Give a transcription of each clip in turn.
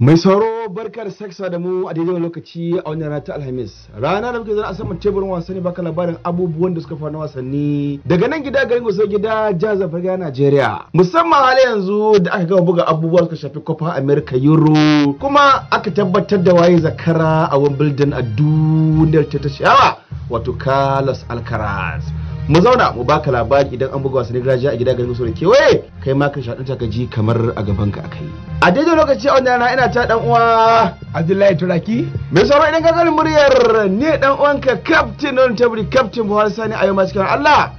mai sauro barkar saksa da mu a daidai lokaci a wannan rana ta alhamis rana da muke zana a saman teburin wasanni baka labarin abubuwan da suka faru na wasanni daga nan gida garin gusau gida jihar zafarga najeriya musamman hali yanzu da aka gama buga abubuwa suka shafi kofa america euro kuma aka tabbatar da waye zakara a wimbledon a duniyar ta ta sha'awa wato carlos alcaraz mu zauna mu baka labari idan an buga wasannin gargajiya a gida garin da kewaye kai ma ka shaɗanta ka ji kamar a gaban ka yi. a daidai lokaci a wannan ina ta dan uwa Abdullahi Turaki mai sauran idan ka gani muryar ne dan uwanka captain non tabri captain Buhari Sani a yau ma cikin Allah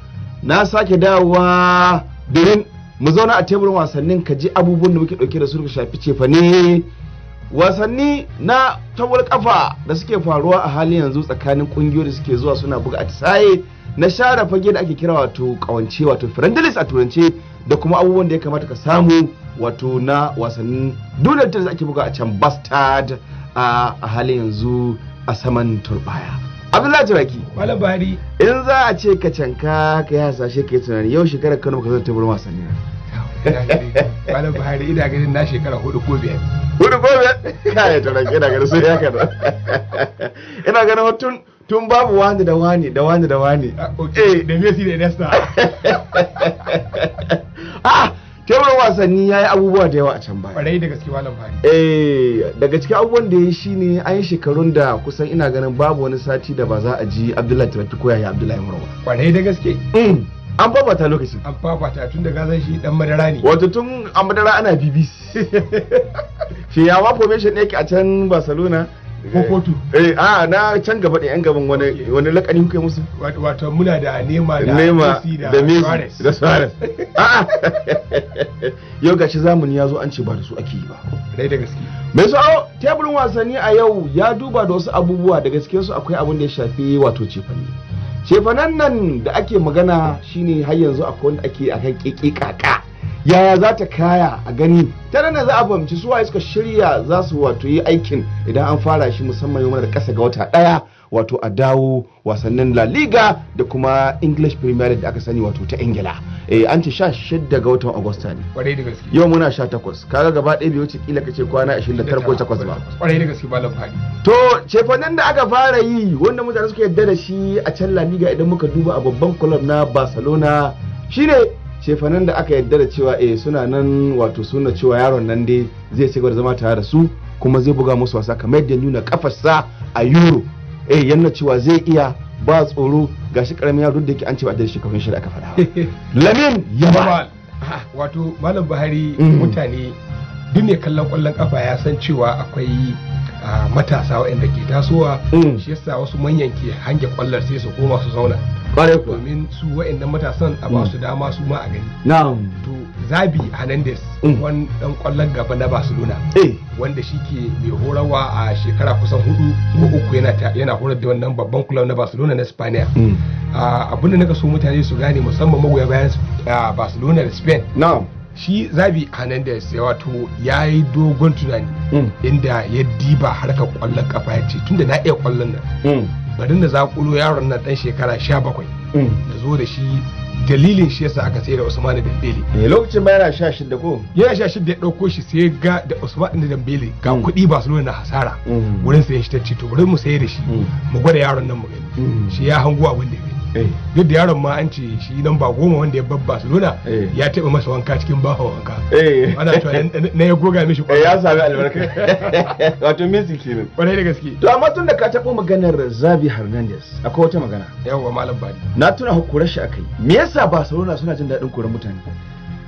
na sake dawowa domin mu zauna a teburin wasannin ka ji abubuwan da muke ɗauke da su ka shafi cefa ne wasanni na tawar kafa da suke faruwa a halin yanzu tsakanin kungiyoyi da suke zuwa suna buga atisaye na share fage da ake kira wato kawance wato friendlies a turance da kuma abubuwan da ya kamata ka samu wato na wasannin duniyar tennis ake buga a can bastard a halin yanzu a saman turbaya abdullahi jiraki wala bari in za a ce ka canka ka yi hasashe ka yi tunani yau shekarar kano ka zai tabar wasanni wala bari ina ganin na shekara hudu ko biyar hudu ko biyar kaya jiraki ina ganin sun yaka ina ganin hotun tun babu wani da wani da wani da wani ah, eh da Messi da Iniesta ah teburin wasanni ya yi abubuwa da yawa a can baya ƙwarai da gaske malam fari eh daga cikin abubuwan da ya yi shine an yi shekarun da kusan ina ganin babu wani sati da ba za a ji Abdullahi Tabatu ko yayi Abdullahi Murawa ƙwarai da gaske mm. an fafata lokaci an fafata tun da gazan shi dan madara ne wato tun a madara ana bbc shi yawa formation yake a can barcelona kotu eh a na can gaba da yan gaban wani wani lakani kuke musu wato muna da nema da nema da messi da suarez a yau gashi zamani ya zo an ce ba da su ake yi ba dai da gaske mai su teburin wasanni a yau ya duba da wasu abubuwa da gaske su akwai abin da ya shafi wato cefane cefanen nan da ake magana shine har yanzu akwai wanda ake akan kikikaka yaya za ta kaya a gani tare na za a bamci suwa suka shirya za su wato yi aikin idan an fara shi musamman yau da kasa ga wata daya wato a dawo wasannin La Liga da kuma English Premier League da aka sani wato ta Ingila eh an ce 16 ga watan Agusta ne kwarai da gaske yau muna 18 kaga gaba ɗaya bai wuce kila kace kwana 29 ko 8 ba kwarai da gaske to cefanen da aka fara yi wanda mutane suka yadda da shi a can La Liga idan muka duba a babban club na Barcelona shine shefanan da aka yadda da cewa eh suna nan wato suna cewa yaron nan dai zai ci gaba zama tare da su kuma zai buga musu wasa kamar yadda nuna kafarsa a euro eh yanna cewa zai iya ba tsoro gashi karamin yaro da yake an ce ba da shekarun shi da aka faɗa lamin yaba wato malam buhari mm. mutane duk kallon kwallon kafa ya san cewa akwai a matasa waɗanda ke tasowa mm. shi yasa wasu manyan ke hange kwallar sai su koma su zauna kwarai kuwa domin su waɗannan matasan a ba mm. dama su ma a gani Na. to zabi hernandez mm. wani dan kwallon gaba na barcelona eh. wanda shi ke mai horarwa a shekara kusan hudu ko uku yana horar da wannan babban kulob na barcelona na spaniya ah, abinda na so mutane su gane musamman magoya bayan ah, barcelona da spain shi zabi hernandez ya wato ya yi dogon tunani hmm. inda ya diba harkar kwallon kafa ya ce tunda na iya kwallon nan hmm. bari na zakulo yaron hmm. na dan shekara 17 da zo da shi dalilin shi yasa aka sayar da Usman Dembele. Eh lokacin ba yana sha shidda ko? Yana sha shidda ya dauko shi sai ga da Usman Dembele ga kuɗi ba su na hasara. Wurin sayan shi ta to wurin mu sayar da shi mu gwada yaron nan mu gani. Shi ya hango abin da ya Eh. duk da yaron ma an ce shi nan ba goma wanda ya babba su nuna eh. ya taɓa masa wanka cikin bafa wanka eh. ana cewa na ya goga mishi kwana ya sami albarka wato mesin kenan kwarai da gaske to amma tun da ka taɓa maganar zabi hernandez akwai wata magana yawwa malam bani na tuna hukurar shi akai me yasa barcelona suna jin daɗin koren mutane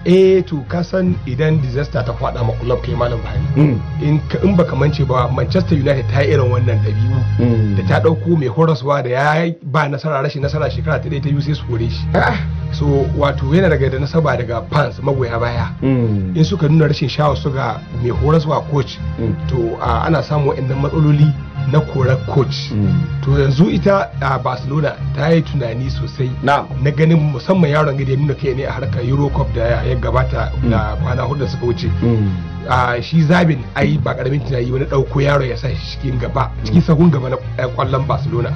eh to ka san idan disaster ta kwada ma club kai malam bahari hmm. in in baka mance ba Manchester United ta yi irin wannan dabi'u hmm. da ta dauko mai horaswa da ya ba nasara rashin nasara shekara ta ta sai su shi ah. so wato yana daga da nasaba daga fans magoya baya hmm. in suka nuna rashin shawar su ga mai horaswa coach to ana samu wa'annan matsaloli na korar coach mm. to yanzu ita a barcelona ta yi tunani sosai na ganin musamman yaron gida ya nuna kai ne a harkar euro cup da ya gabata mm. Na kwana hudu suka wuce mm. a shi zabin ai ba karamin tunani wani dauko yaro ya sa shi cikin gaba cikin sahun gaba na kwallon eh, barcelona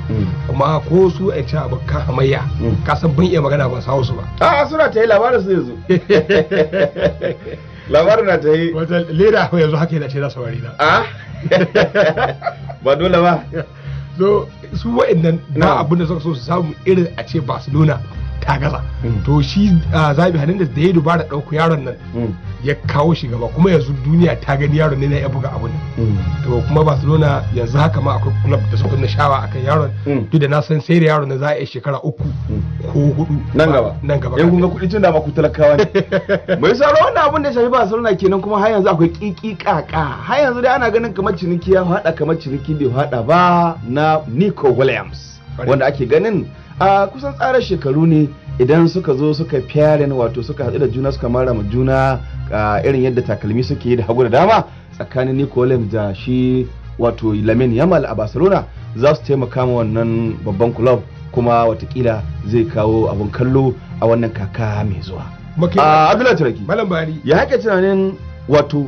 kuma ko su a ci abokan hamayya ka san ban iya magana ba su ba a ah, suna ta yi labarin su yanzu labarin na ta yi leda yanzu haka yana ce na saurari na ah? ba dole ba so su wa'annan na abin da suka so su samu irin a ce barcelona ta gaza mm. to shi zabi hannun da ya dubara ɗauko yaron nan mm. ya kawo shi gaba kuma yanzu duniya ta gani yaron ne na ya buga abin mm. to kuma barcelona yanzu haka ma akwai club da su kuna shawa akan yaron duk da na san sai da yaron na za a yi shekara uku ko hudu nan gaba nan gaba yan eh, kunga kudi tun da ma ku talakawa ne mai sauro wannan abin da shafi Barcelona kenan kuma har yanzu akwai kiki kaka har yanzu dai ana ganin kamar ciniki ya haɗa kamar ciniki bai haɗa ba na Nico Williams wanda ake ganin a kusan tsara shekaru ne idan suka zo suka fiyarin wato suka haɗu da juna suka mara ma juna irin yadda takalmi suke da hagu da dama tsakanin Nico Williams da shi wato Lamin Yamal a Barcelona za su taimaka wannan babban club kuma watakila zai kawo abun kallo a wannan kaka mai zuwa a ah, abdullahi turaki malam bari ya haka tunanin wato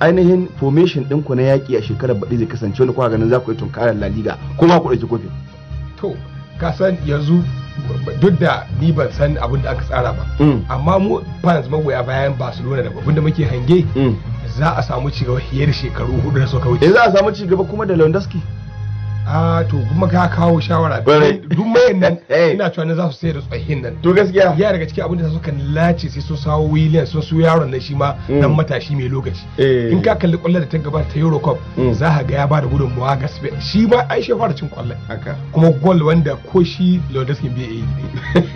ainihin formation ɗinku na yaƙi a shekarar baɗi zai kasance wani kuma ganin za ku yi tunkarar la liga kuma ku ɗauki kofi. to ka san yanzu duk da ni ban san abin da aka tsara ba mm. amma mu fans magoya bayan barcelona da babban da muke hange mm. za a samu cigaba fiye da shekaru hudu da suka wuce eh, za a samu cigaba kuma da lewandowski a to kuma ka kawo shawara duk mayan nan ina cewa ne za su sayar da tsohin nan to gaskiya ya daga cikin abin da suka lace sai sun sawo williams sun su yaron nan shi ma nan mm. matashi mai lokaci eh. in ka kalli kwallon da ta gabata ta euro mm. za ka ga ya da gudunmawa ga spain shi ma ai shi fara cin kwallon kuma gol wanda ko shi lewandowski bai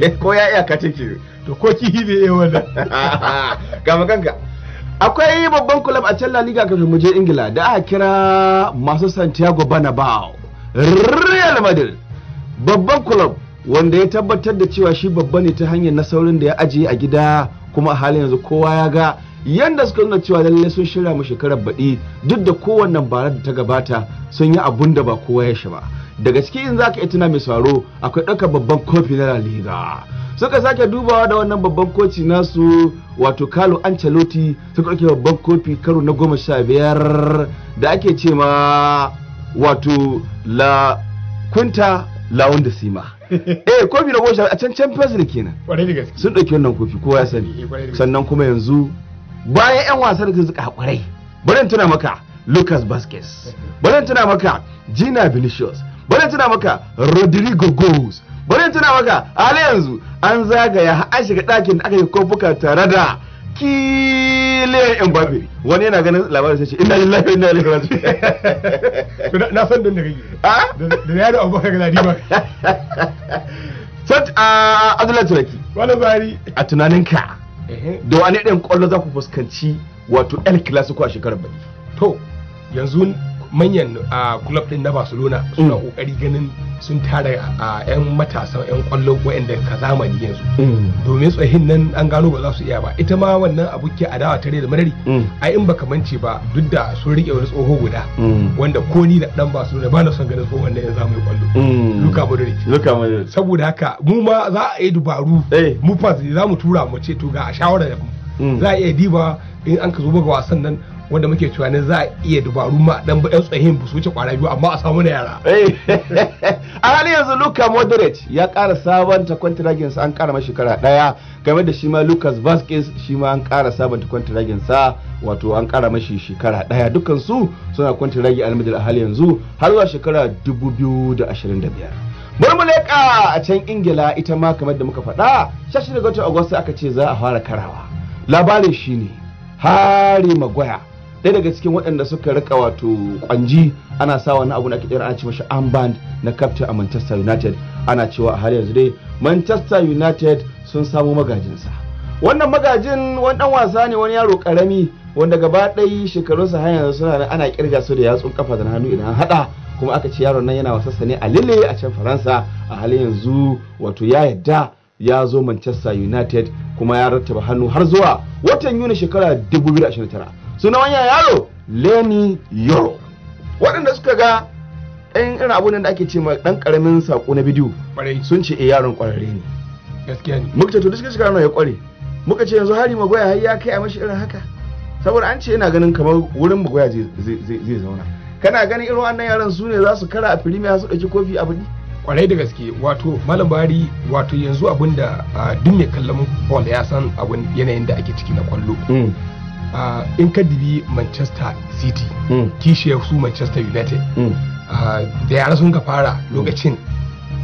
yi ko ya iya ka take to ko kihi bai yi wannan ga maganka akwai babban kulab a can La Liga kafin mu je Ingila da aka kira masu Santiago Bernabeu real madrid babban club wanda ya tabbatar da cewa shi babba ne ta hanyar nasarorin da ya ajiye a gida kuma a halin yanzu kowa ya ga yanda suka nuna cewa lallai sun shirya mu shekarar baɗi duk da kowannen barar da ta gabata sun yi abun da ba kowa ya shi ba daga ciki in za ka yi tuna mai saro akwai ɗaukar babban kofi na La Liga suka sake dubawa da wannan babban koci nasu wato Carlo Ancelotti suka ɗauke babban kofi karo na goma sha biyar da ake ce ma wato la kunta lawon da sima eh kofi na goshi a cancan champions league kenan sun ɗauki wannan kofi kowa ya sani eh, sannan kuma yanzu bayan yan wasan da suka hakurai bari tuna maka lucas vasquez bari tuna maka gina vinicius bari tuna maka rodrigo goes bari tuna maka a yanzu an zagaya an shiga ɗakin da aka yi kofuka tare da kile Mbappe wani yana ganin labarin sai ce ina lillahi wa ina ilaihi raji'un na san don da kake ah? da ya da Abubakar Galadi ba sat a ah, Abdullahi Turaki wani bari a tunaninka eh. da wani ɗin kwallo za ku fuskanci wato El Clasico a shekarar bari to yanzu manyan a club din na barcelona suna mm. kokari ganin sun tara a yan matasan yan kwallo wa'anda ka zamani yanzu mm. domin tsohin nan an gano ba za su iya ba ita ma wannan abuki adawa tare da madari mm. A in baka mance ba duk da sun rike wani tsoho guda wanda ko ni da dan barcelona ba na son ganin tsohon nan zama zamani kwallo luka modric luka modric saboda haka mu ma za a yi dubaru eh. mu fans za mu tura mu ce to ga a shawara da mu za a iya diba in an ka zo buga wasan nan wanda muke tunanin za a iya dubaru ma dan ba yan tsayin ba su wuce kwara biyu amma a samu na yara eh, a halin yanzu Luka Modric ya ƙara sabanta kwantiragin sa an ƙara mashi shekara daya game da shi ma Lucas Vasquez shi ma an ƙara sabanta kwantiragin sa wato an ƙara mashi shekara daya dukkan su suna kwantiragi Almadrid a halin yanzu har zuwa shekara 2025 murmuleka a can ingila ita ma kamar da muka faɗa shashi da watan agusta aka ce za a fara karawa labarin shine hari magwaya. ɗaya daga cikin waɗanda suka rika wato kwanji ana sa wani abu na ake ana ce mashi armband na captain a Manchester United ana cewa a har yanzu dai Manchester United sun samu magajinsa wannan magajin wani dan wasa ne wani yaro karami wanda gaba ɗaya shekarunsa har yanzu suna ana kirga su da yatsun kafa da hannu idan haɗa kuma aka ce yaron nan yana wasa ne a Lille a can Faransa a halin yanzu wato ya yadda ya zo Manchester United kuma ya rattaba hannu har zuwa watan Yuni shekara 2029 suna wanya yaro leni yoro waɗanda suka ga ɗan irin abun da ake ce mai ɗan ƙaramin saƙo na bidiyo sun ce eh yaron ƙwararre ne gaskiya ne muka tattu duk shekara ya ƙware muka ce yanzu hari magoya har ya kai a mashi irin haka saboda an ce yana ganin kamar wurin magoya zai zauna kana ganin irin wannan yaran su ne za su kara a firimiya su ɗauki kofi a budi Ƙwarai da gaske wato malam bari wato yanzu abin da ah, duk mai kallon ball ya san abin yanayin da ake ciki na kwallo mm. Ah, in ka dibi manchester city hmm. kishe su manchester united hmm. ah, da yara sun ka fara lokacin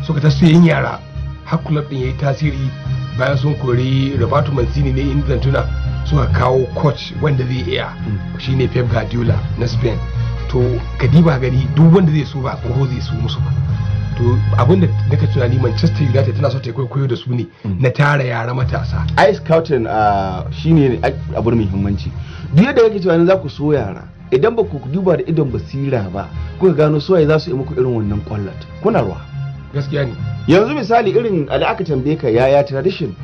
suka ta yin yara har club din yayi tasiri bayan sun kori roberto mancini ne in zantuna suka kawo coach wanda zai iya hmm. shine pep guardiola na spain to kadiba gari duk wanda zai so ba tsoho zai so musu to abin da nake tunani Manchester United tana so ta kwaikwayo da su ne mm. na tara yara matasa ice scouting ah, shine mai muhimmanci duk yadda kake cewa za ku so yara idan ba ku duba da idon basira ba kuka gano suwaye za su yi muku irin wannan kwallat kuna ruwa gaskiya ne yanzu misali irin da aka tambaye ka yaya tradition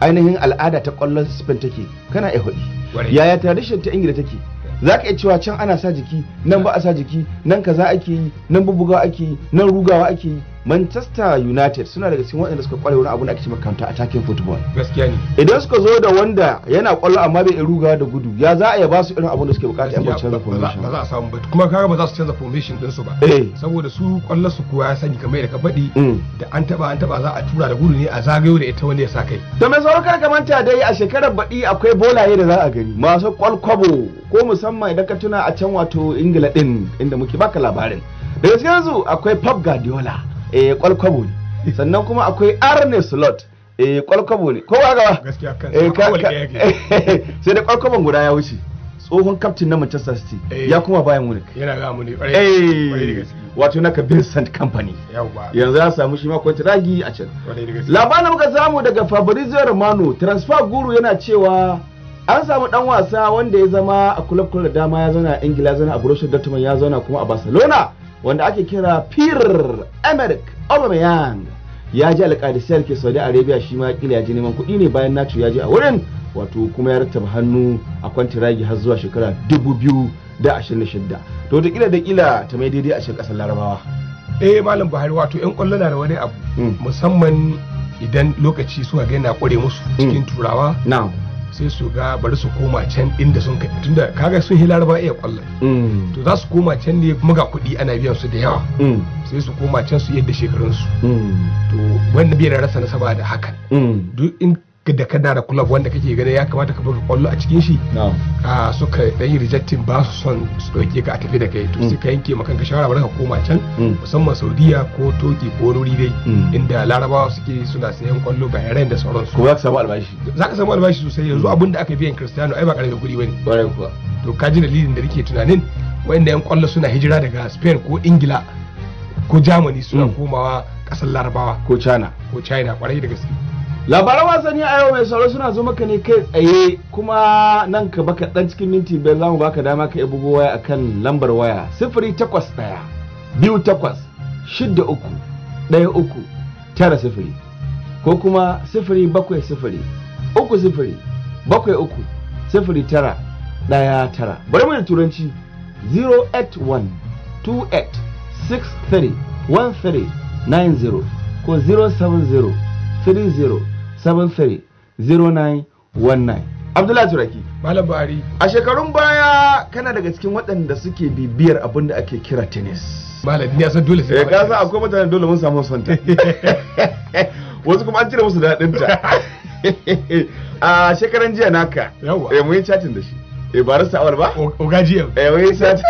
ainihin al'ada ta kwallon spain take kana ehudi yaya tradition ta ingila take za ka iya cewa can ana sa jiki nan ba a sa jiki nan kaza ake yi nan bubbugawa ake yi nan rugawa ake yi Manchester United suna daga cikin waɗanda suka kware wani abu da ake cewa counter attacking football. Gaskiya ne. Idan suka zo da wanda yana kwallo amma bai ruga da gudu, ya za a ya ba su irin abin da suke bukata yan canza formation. Ba za a samu ba. Kuma kaga ba za su canza formation din su ba. Eh. Saboda su kwallon su kuwa ya sani kamar da ka faɗi mm. da an taba an taba za a tura da gudu ne a zagayo da ita wanda ya sa kai. Da mai sauran manta dai a shekarar baɗi akwai bolaye da za a gani masu kwalkwabo ko musamman idan ka tuna a can wato Ingila din inda muke baka labarin. Daga cikin su akwai Pep Guardiola. eh kwalkwabo ne sannan kuma akwai arne slot eh kwalkwabo ne kowa gaba gaskiya kan eh, sai da kwalkwabon guda ya wuce tsohon kaftin na Manchester City eh. ya kuma bayan Munich yana ga mu ne eh. wato naka Vincent Company yanzu ya samu shi ma ragi a can labarin muka samu daga Fabrizio Romano transfer guru yana cewa an samu dan wasa wanda ya zama a club club da dama ya zauna a Ingila ya zauna a Borussia Dortmund ya zauna kuma a Barcelona wanda ake kira Pierre Emerick Aubameyang ya je alƙadisiyar ke Saudi Arabia shi ma kila ya ji neman kuɗi ne bayan Nacho ya je a wurin wato kuma ya rattaba hannu a ragi har zuwa shekara 2026 to da kila da kila ta mai daidai a cikin ƙasar Larabawa eh malam Buhari wato yan kwallo na da wani abu hmm. musamman idan lokaci suka ga yana kware musu cikin hmm. turawa na'am sai su ga bari su koma can inda sun kai tunda kaga sun hi laraba iya kwallon mm. to za su koma can ne kuma ga kuɗi ana biyan su da yawa mm. sai su koma can su yadda shekarun su mm. to wannan biyar rasa nasaba da hakan duk in da kana da club wanda kake gani ya kamata ka buga kwallo a cikin shi a suka dan yi rejectin ba su son su dauke ka a tafi da kai to mm. sai ka yanke maka shawara bar ka koma can mm. musamman Saudiya ko Toki ko Ruri dai mm. inda Larabawa suke suna sayan kwallo ga yaren da sauransu ko za ka samu albashi za ka samu albashi sosai yanzu abin da aka biyan Cristiano ai ba karamin kuɗi bane to ka ji dalilin da nake tunanin wanda yan kwallo suna hijira daga Spain ko Ingila ko Germany suna komawa kasar Larabawa ko China ko China kwarai da gaske labaran wasanni a yau mai sauro suna zo maka ne kai tsaye kuma nan ka baka dan cikin minti biyar zamu baka dama ka yi bugo waya akan lambar waya 081-2-8-1-3-0 ko kuma 0-7-0-3-0-9-9 bari mu da turanci 081 28 63 13 0 ko 070 30 730919 abdullahi turaki malam a shekarun baya kana daga cikin waɗanda suke bibiyar abin da ake kira tennis malam ya san dole sai ka eh, san akwai mutane dole mun samu santa wasu kuma an cire musu daɗin ta a shekaran jiya naka yawa eh mun chatting da shi eh ba rasa awal ba ogaji eh wai chat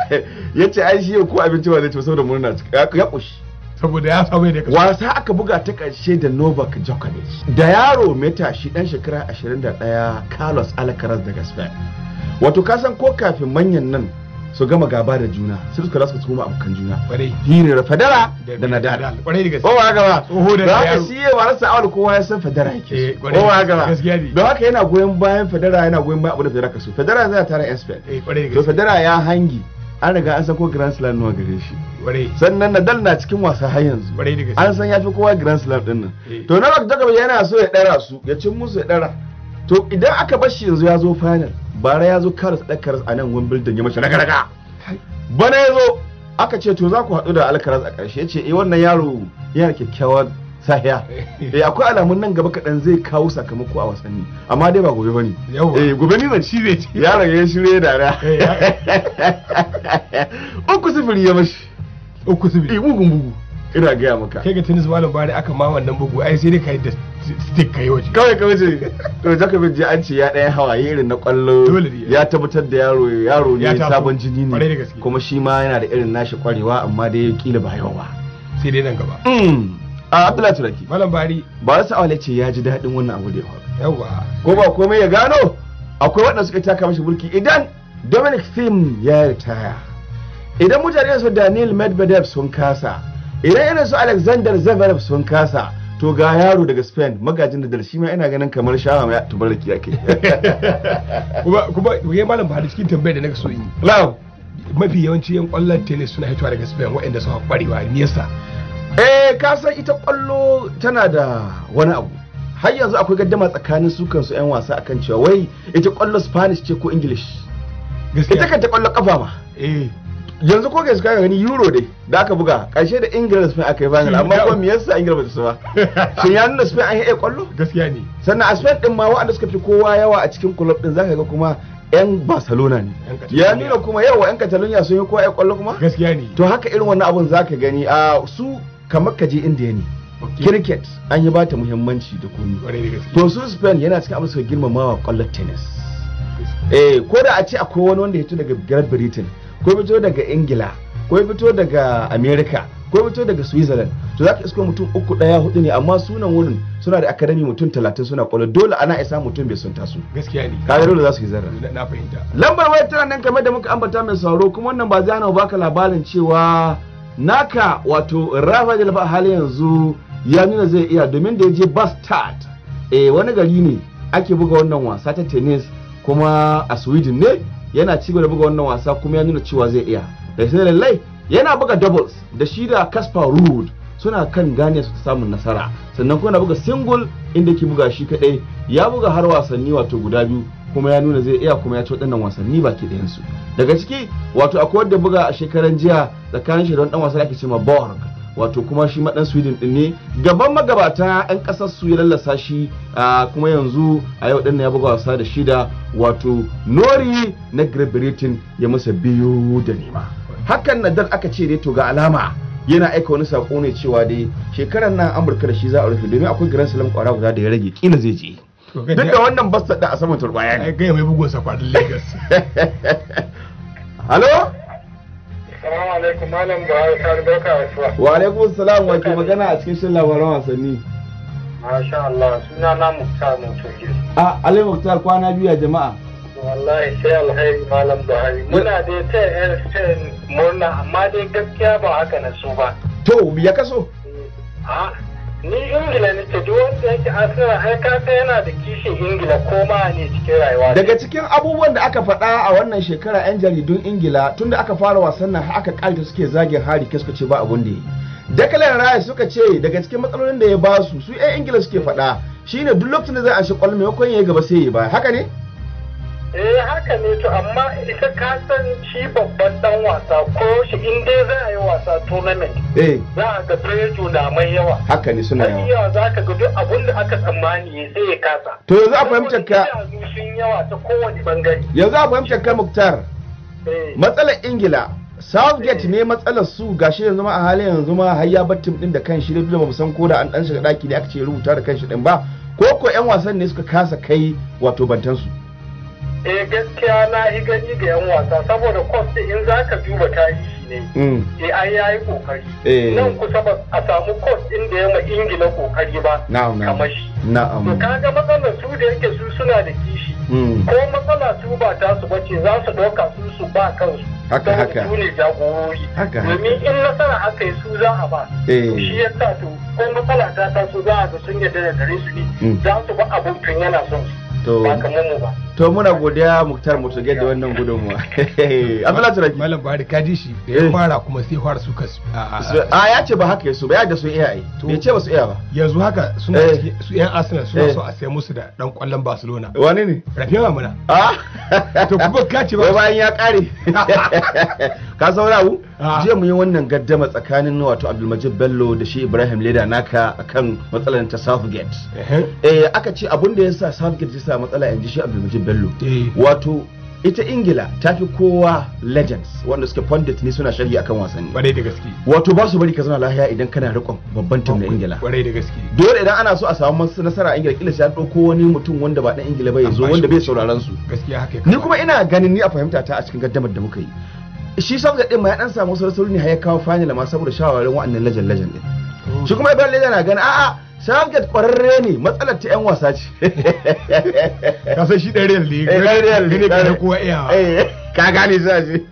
yace ai shi ko abinci ba zai ci saboda murna ya kushi saboda ya samu da wasa aka buga ta ƙarshe da Novak Djokovic da yaro mai tashi dan shekara 21 Carlos Alcaraz daga Spain wato kasan ko kafin manyan nan su gama gaba da juna sai suka rasu kuma abokan juna hirar fadara da nadal kwarai da gaske kowa gaba da haka shi ya wara sa'awar kowa ya san fadara yake eh, kowa gaba don haka yana goyon bayan federa yana goyon bayan abu da federa kaso federa zai tara eh, yan gaske. to federa ya hangi an riga an sako grand slam nawa gare shi sannan nadal na cikin wasa har yanzu an san ya fi kowa grand slam din nan eh. to ta gaba yana so ya dara su ya cin musu ya dara to idan aka bar shi yanzu ya zo final bara ya zo karas da karas a nan wimbledon ya mashi raga bana ya zo aka ce to za ku haɗu da alkaras a ƙarshe ce eh wannan yaro yana kyakkyawan sahiya eh. eh akwai alamun nan gaba kaɗan zai kawo sakamako a wasanni amma dai ba gobe ba ne eh gobe ni shi zai ci ya raga ya shirye da eh, uku sifiri ya mashi uku sifiri bugun eh, bugu ina gaya maka kai ga tennis malam bari aka ma wannan bugu ai sai dai kai da stick kai waje kawai ka waje to zaka bi ji an ce ya ɗaya hawaye irin na kwallo ya tabbatar da yaro yaro ne sabon jini ne kuma shi ma yana da irin nashi kwarewa amma dai kila ba yawa ba sai dai nan gaba mm. a abdullahi turaki malam bari ba su awale ce ya ji daɗin wannan abu da ya faru yawa ko ba komai ya gano akwai waɗanda suka taka mashi burki idan dominic Fim ya ritaya idan mutane su daniel medvedev sun kasa idan yana su alexander zverev sun kasa to ga yaro daga spain magajin da dalshi ma ina ganin kamar shawa mai tubarki yake kuma kuma yayin malam ba cikin tambayar da nake so yi mafi yawanci yan kwallon tennis suna hitowa daga spain waɗanda suka kwarewa nesa eh ka san ita kwallo tana da wani abu har yanzu akwai gaddama tsakanin su kansu yan wasa akan cewa wai ita kwallo spanish ce ko english Gaskiya ita kanta kwallo kafa ma eh yanzu ko gaskiya ka gani euro dai da aka buga karshe da ingila da spain aka yi final amma ko me yasa ingila ba ta saba shin ya nuna spain an yi kwallo gaskiya ne sannan a spain din ma wa'anda suka fi kowa yawa a cikin club din zaka ga kuma yan barcelona ne ya nuna kuma yawa yan catalonia sun yi kowa ya kwallo kuma gaskiya ne to haka irin wannan abun zaka gani a ah, su kamar ka je indiya ne cricket an yi bata muhimmanci da komi to su spain yana cikin abin suka girmamawa kwallon tennis eh ko da a ce akwai wani wanda ya fito daga great britain ko ya fito daga ingila ko ya fito daga america ko ya fito daga switzerland to za ka isko mutum uku daya hudu ne amma sunan wurin suna da akadami mutum talatin suna kwallo dole ana isa mutum bai sun taso gaskiya ne ka za su yi zarra na fahimta lambar wayar tana nan kamar da muka ambata mai sauro kuma wannan ba zai hana baka labarin cewa naka wato rafa a hali yanzu ya nuna zai iya domin da ya je bastard e eh, wani gari ne ake buga wannan wasa ta tennis kuma a sweden ne yana ci da buga wannan wasa kuma ya nuna cewa zai iya da shi lallai yana buga doubles da shi da kaspar ruud suna kan gane su samun nasara sannan kuma na buga single inda ke buga shi kadai ya buga har wasanni wato guda biyu kuma ya nuna zai iya kuma ya ci waɗannan wasanni baki ɗayan su daga ciki wato akwai wadda buga a shekaran jiya tsakanin shi da ɗan wasa ake cewa Borg wato kuma shi maɗan Sweden ɗin ne gaban magabata ɗan ƙasar su ya lallasa shi kuma yanzu a yau ɗin ya buga wasa da shida wato Nori na Great ya masa biyu da nema hakan na dan aka ce dai to ga alama yana aika wani saƙo ne cewa dai shekaran nan Amurka da shi za a rufe domin akwai giran salam kwara guda da ya rage kila zai je duk da wannan basta da a saman turbaya ne gaya mai bugun sakwadin lagos halo Assalamu alaikum malam Buhari ta barka wasuwa. Wa alaikum salam wa ke magana a cikin shirin labaran wasanni. Masha Allah suna na Muktar Mutoke. A Alai Muktar kwana biyu a jama'a. Wallahi sai alhaim malam Buhari. Muna da ta yan murna amma dai gaskiya ba haka na so ba. To ya kaso? ni ingila ne ce duk wanda yake arsenal ai ka sai yana da kishin ingila ko ma ne cikin rayuwa daga cikin abubuwan da aka faɗa a wannan shekara yan jaridun ingila tun da aka fara wasan nan aka kalta suke zagin hari kai suka ce ba abun da yi dakalan raya suka ce daga cikin matsalolin da ya basu su yan ingila suke faɗa shine duk lokacin da zai a shi kwalme ya gaba sai ya ba haka ne eh haka ne to amma ita ka san shi babban dan wasa ko shi in dai za a yi wasa tournament eh za a ga prejo da mai yawa haka ne suna yawa yawa za ka ga duk abin da aka tsammani sai ya kasa to yanzu a fahimtar ka sun yawa ta kowane bangare yanzu a fahimtar ka muktar eh. matsalar ingila Southgate eh. ne matsalar su gashi yanzu ma a halin yanzu ma har ya bar tim din da kan shi da ba san ko da an dan shiga daki ne aka ce rubuta da kan shi din ba ko ko yan wasan ne suka kasa kai wato bantansu eh gaskiya na yi gani ga yan wasa saboda cost in za ka duba tarihi ne mm. eh an yi kokari eh. nan kusa ba a samu cost din da ya ma ingila kokari ba kamar shi na'am to kaga matsalar su da yake su suna da kishi mm. ko matsala su ba ta su bace za su dauka su su ba kansu haka haka su ne jagorori domin in nasara aka yi su za a ba eh. shi ya sa to ko matsala ta taso za a ga sun yarda da gare su ne mm. za su ba abokin yana son su ba kamar mu ba to muna godiya muktar ga da wannan gudunmuwa abdullahi turaki malam bari ka ji shi da ya eh. fara kuma sai fara su kasu a ya ce ba haka yasu ba ya da su iya ai bai ce ba su iya ba yanzu haka suna eh. su yan arsenal suna eh. so a sai musu da dan kwallon barcelona wani ne rafiya muna a ah. to kuma ka ce ba bayan ya kare ka saurawu Ah. jiya mu yi wannan gaddama tsakanin wato abdulmajid bello da shi ibrahim leda naka akan matsalar ta southgate eh aka ce abun da ya sa southgate ya sa matsala yanzu shi abdulmajid bello eh. wato ita ingila ta fi kowa legends wanda suke pundit ne suna sharhi akan wasanni kwarai da gaske wato ba su bari ka zauna lahiya idan kana rikon babban tim na ingila kwarai da gaske dole idan ana so a samu nasara a ingila kila sai an dauko wani mutum wanda ba dan ingila ba ya zo wanda bai sauraron su gaskiya haka ni kuma ina ganin ni a fahimta ta a cikin gaddamar da muka yi shi sabda din ma ya dan samu sarsaru ne ya kawo final ma saboda shawarin wa'annan lajan lajan din oh. shi kuma ibn lajan na gani a'a Southgate kwararre ne matsalar ta 'yan wasa ce. Ka san shi ɗan real ne. Ɗan eh, real ne. Ɗan ne kuwa iya. Eh, ka gane sa shi.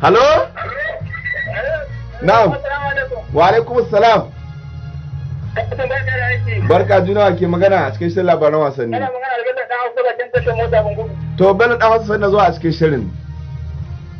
Halo? Na'am. Wa alaikum salam. Barka juna ke magana a cikin shirin labaran wasanni. Ina ɗan Hausa bakin To Bello ɗan Hausa sai na zuwa a cikin shirin.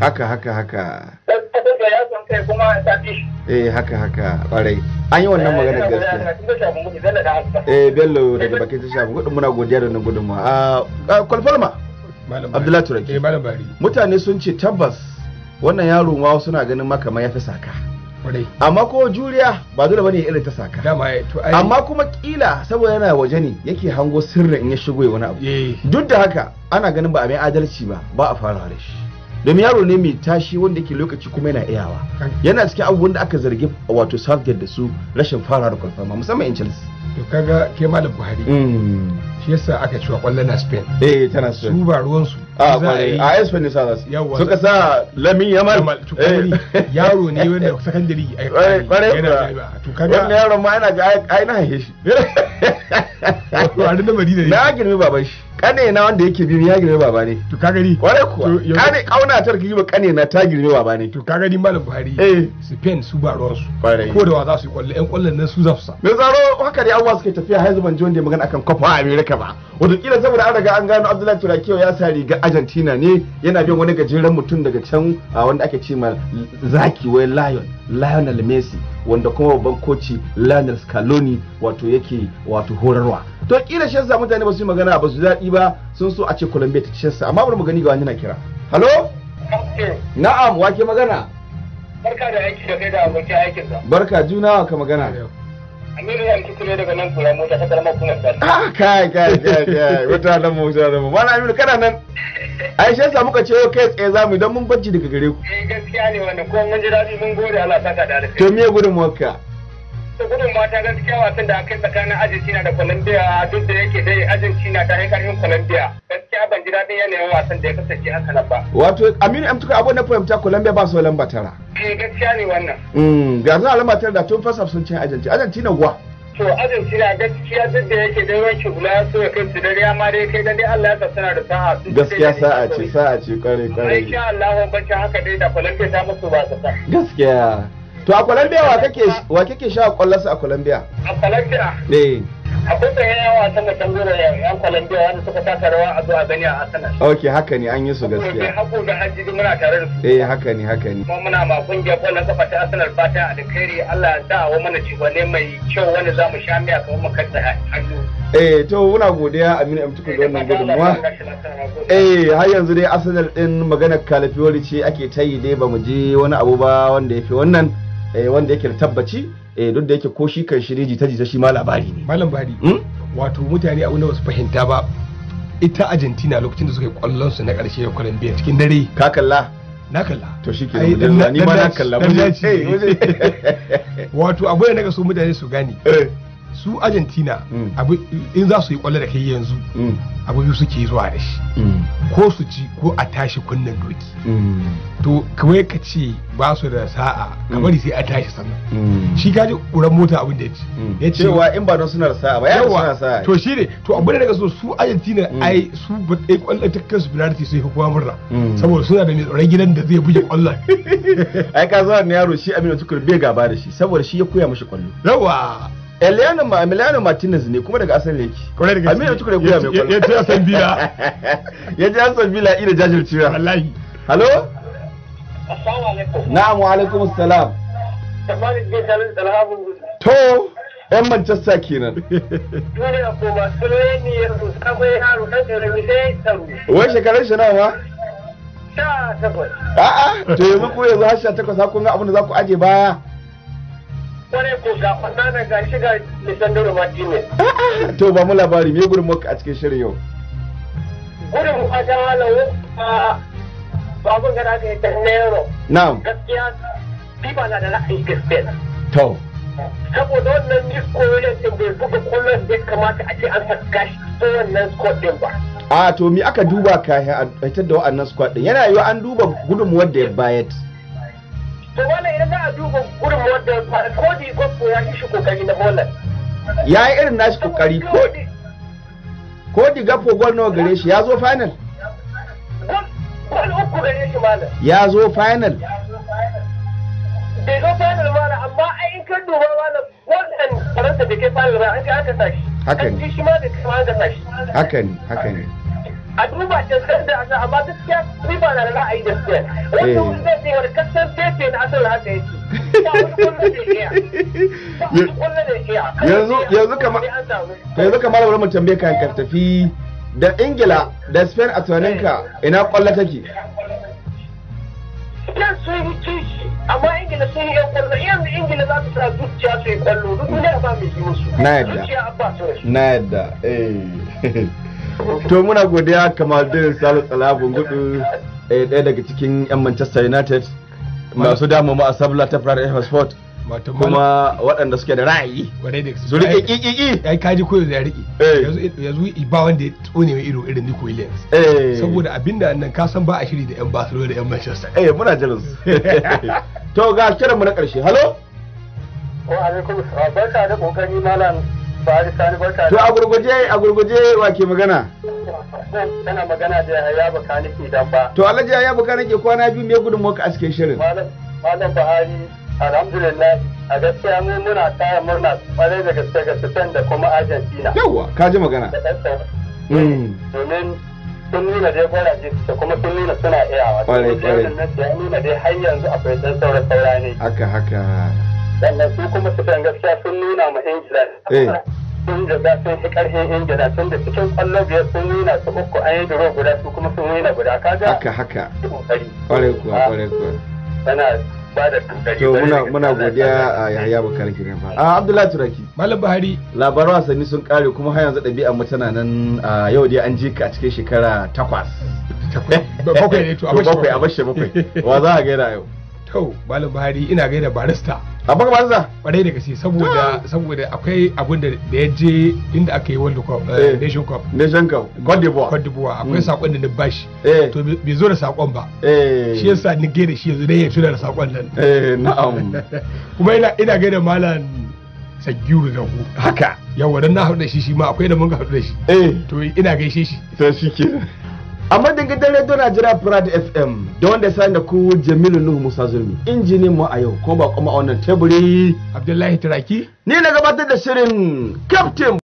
haka haka haka eh haka haka kwarai an yi wannan magana eh, gaskiya eh bello daga bakin ta shafi gudun muna godiya da gudun a ah, ah, kwalfalma abdullahi eh, mutane sun ce tabbas wannan yaro ma suna ganin maka ma ya fi saka amma ko juriya ba dole bane irin ta saka eh, amma kuma kila saboda yana waje ne yake hango sirrin in ya shigo wani abu eh. duk da haka ana ganin ba a mai adalci ba ba a fara da shi don yaro ne mai tashi wanda yake lokaci kuma yana iyawa yana cikin abubuwan da aka zargi wato Southgate da su rashin fara da kwalfama musamman in Chelsea to kaga ke malam Buhari mm. shi yasa aka cewa kwallo na Spain eh tana Spain su ba ruwan su ah, a kwarai a Spain ne sa suka sa Lamin Yamal eh. yaro ne wanda secondary ai eh, kwarai yana to kaga wannan yaron ma yana ga ai na haife shi na girmi baban shi kane na wanda yake bi ya girme baba ne to kagari kware kuwa kane kauna tar ki ba kane na ta girme baba ne to kagari malam buhari eh spain su ba ruwan su ko da wa za su kwalle yan kwallon nan su za su sa me zaro haka dai abuwa suke tafiya har zuban jonde magana akan kofa a america ba wato kila saboda an riga an gano abdullahi turakiyo ya sa riga argentina ne yana bin wani gajeren mutum daga can wanda ake ce ma zaki wai lion lionel messi wanda kuma babban koci lionel scaloni wato yake wato horarwa to kila shi yasa mutane ba su yi magana ba su daɗi ba sun so a ce Colombia ta ci amma bari mu gani ga wani na kira halo na'am wake magana barka da aiki da kai da abokin aikin ka barka juna ka magana Aminu ya mutu ne daga nan kula mota ta karamar kuma tsari. Ah kai kai kai kai wata nan mu wata nan mu mana Aminu kana nan ai shi yasa muka ce kai tsaye za mu idan mun bacci daga gare ku. Eh gaskiya ne wannan ko mun ji daɗi mun gode Allah ka da alheri. To me gudun wakka? to gudun mata gaskiya wasan da aka yi tsakanin Argentina da Colombia duk da yake dai Argentina ta yi karfin Colombia gaskiya ban ji daɗin yanayin wasan da ya kasance haka nan ba. Wato Aminu M tuka abin na fahimta Colombia ba su lamba tara. Eh gaskiya ne wannan. Mm yanzu a lamba tara da tun fasa sun cin Argentina Argentina guwa. To Argentina gaskiya duk da yake dai wanki hula ya so ya kai su dare amma dai kai dai Allah ya sassana da sa'a. Gaskiya sa'a ce sa'a ce kare kare. Insha Allah ban wancan haka dai da Colombia ta musu ba ta. Gaskiya. to a Colombia wa kake wa kake sha kwallonsa a Colombia a Colombia eh akwai tsayayen wasan da kan gura yan Colombia wanda suka taka rawa a zuwa gani a Arsenal ok haka ne an yi su gaskiya hako da hajji muna tare da su eh haka ne haka ne kuma muna ma kungiyar kwallon kafa ta Arsenal fata a da kairi Allah ya sa wa mana cigwane mai kyau wanda za mu sha miya kuma mu da hannu eh to muna godiya Aminu Amtuku da wannan gudunmuwa eh har yanzu dai Arsenal din maganar Calafiori ce ake tayi dai ba mu je wani abu ba wanda ya fi wannan Eh, wanda yake da tabbaci eh, duk da yake ko shi kan shiri jita jita shi ma labari ne malam bari hmm? wato mutane abu na wasu fahimta ba ita argentina lokacin da suka yi kwallon su na karshe ya biyar? cikin dare ka kalla na kalla to shi ke ni ma na kalla wato abu da naga so mutane su gane eh. su argentina mm. in za su yi kwallo da kai yanzu mm. abu biyu suke zuwa da shi mm. ko su ci ko a tashi kunnen doki to kawai ka ce ba su da sa'a ka bari sai a tashi sannan shi ka ji ƙuran mota abin da ya ci ya ce wa in ba don suna da sa'a ba ya suna sa'a to shi ne to abin da daga so su argentina ai su ba ɗaya eh, kwallon ta kansu penalty sai hukuma murna saboda suna da mai tsoron gidan da zai buge kwallon ai ka zuwa ne yaro shi aminu tukur bai gaba da shi saboda shi ya koya mashi kwallo yawa Eliano ma Emiliano Martinez ne kuma daga asali yake. Kwarai daga Aminu Tukur Guya mai kwallo. Ya ji Aston bila. Ya ji Aston Villa ina jajircewa. Wallahi. Hello? Assalamu alaikum. Na'am wa alaikum assalam. ke bin Salim gudu. To, ‘yan Manchester kenan. Dole a koma Suleni ya rusa mai yaro kan jirgin sai taro. Wai shekarar shi nawa? Sha takwas. A'a, to yanzu ko yanzu har sha takwas kun ga abin da za ku aje baya. kwarai ko ga fannana ga shi ga Lisandro Martinez. To ba mu labari me gurin maka a cikin shirin yau. Gurin a jan halawo a babun gada aka yi ta Nero. Na'am. Gaskiya Fifa na da ra'ayi gaskiya. To. Saboda wannan disco Williams din bai buga kullum da kamata a ce an saka shi wannan squad din ba. A to mi aka duba kafin a fitar da wa'annan squad din yana yiwa an duba gudunmuwar da ya bayar. to wannan idan za a duba gudunmuwar da ko di gwaggo ya yi shi kokari na holland ya yi irin nashi kokari ko di gafo gol nawa gare shi ya zo final gol uku gare shi malam ya zo final bai zo final malam amma ai in kan duba malam wannan faransa da ke final ba an ka aka sa shi haka ne shi ma da kama aka sa shi haka ne haka ne a duba ta da haka amma gaskiya ni ba na da ra'ayi da su wanda wani eh. zai ce wani kasar fefe na asali haka yake yanzu kamar yanzu kamar wani mutum bai ka tafi da ingila da spain a tunaninka eh. ina kwallo take Spain sun yi kishi amma ingila sun yi yan kwallo yanzu ingila za su sa zuciya su yi kwallo duk duniya ba mai yi musu na yadda na yadda eh to muna godiya kamaldin salu salabun gudu eh, ɗaya daga cikin 'yan manchester united masu damu ma a sabla ta pride sport kuma waɗanda suke da ra'ayi su ƙiƙiƙi Ya yi kaji koyo ya rike yanzu ba wanda ya tsone mai ido irin Nico Williams eh. saboda abinda nan ka san ba a shiri da yan Barcelona da yan Manchester eh muna jiran su to ga kiran mu na ƙarshe halo wa alaikum ba barka da kokari malam To a gurguje a gurguje wa ke magana? Tana magana da ya baka nake dan ba. To Alhaji ya baka nake kwana biyu me gudun waka a cikin shirin. Malam Buhari alhamdulillah a gaskiya mu muna taya murna kwarai da gaske ga Spain da kuma Argentina. Yawwa ka ji magana. Mm. Domin sun nuna dai gwaraje da kuma sun nuna suna iyawa. Kwarai kwarai. Ya nuna dai har yanzu akwai ɗan saura saura Haka haka. wannan su kuma kan gaskiya sun nuna ma ingila eh. sun jaza sun fi karfin ingila tun da cikin kwallo biyar sun nuna su uku an yi duro guda su kuma sun nuna guda kaga haka haka kware kuwa kware ah. kuwa tana to muna muna godiya a Yahaya Bukari Kiran ba a ah, Abdullahi Turaki Malam Buhari labaran wasanni sun kare kuma har yanzu ɗabi'a mu tana nan yau dai an ji ka a cikin shekara takwas bakwai ne to a bakwai a bakwai wa za a gaira yau to Malam Buhari ina gaida barista abin za kwarai da gaske saboda ah. saboda akwai abin da ya je inda aka yi world cup eh, eh. nation cup nation cup cote d'ivoire cote d'ivoire akwai hmm. sakon da na bashi eh. to bai zo da sakon ba shi yasa ni da shi yanzu dai ya tuna da sakon nan na'am kuma ina ina da malam sagiru da ku haka yawa dan na haɗu da shi shi ma akwai da mun ga haɗu da shi to ina gaishe shi to shi kenan a madin gidan radio najeriya prad fm da wanda ya da ku jamilu nuhu musa zulmi injini mu a yau kuma ba kuma a wannan teburi abdullahi turaki ni na gabatar da shirin captain